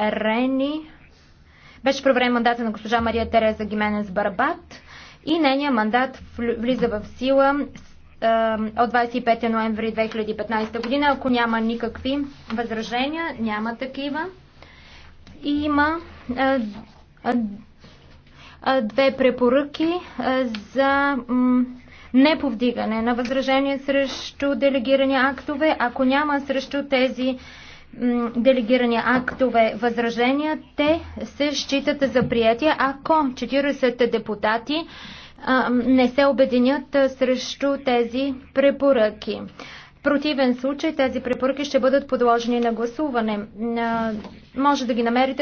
Рени. Беше проверен мандата на госпожа Мария Тереза Гименес Барбат и нейният мандат влиза в сила от 25 ноември 2015 година. Ако няма никакви възражения, няма такива. И има две препоръки за неповдигане на възражения срещу делегирани актове. Ако няма срещу тези делегирани актове възражения, те се считат за приятие, ако 40 депутати не се обединят срещу тези препоръки. В противен случай тези препоръки ще бъдат подложени на гласуване. може да ги намерите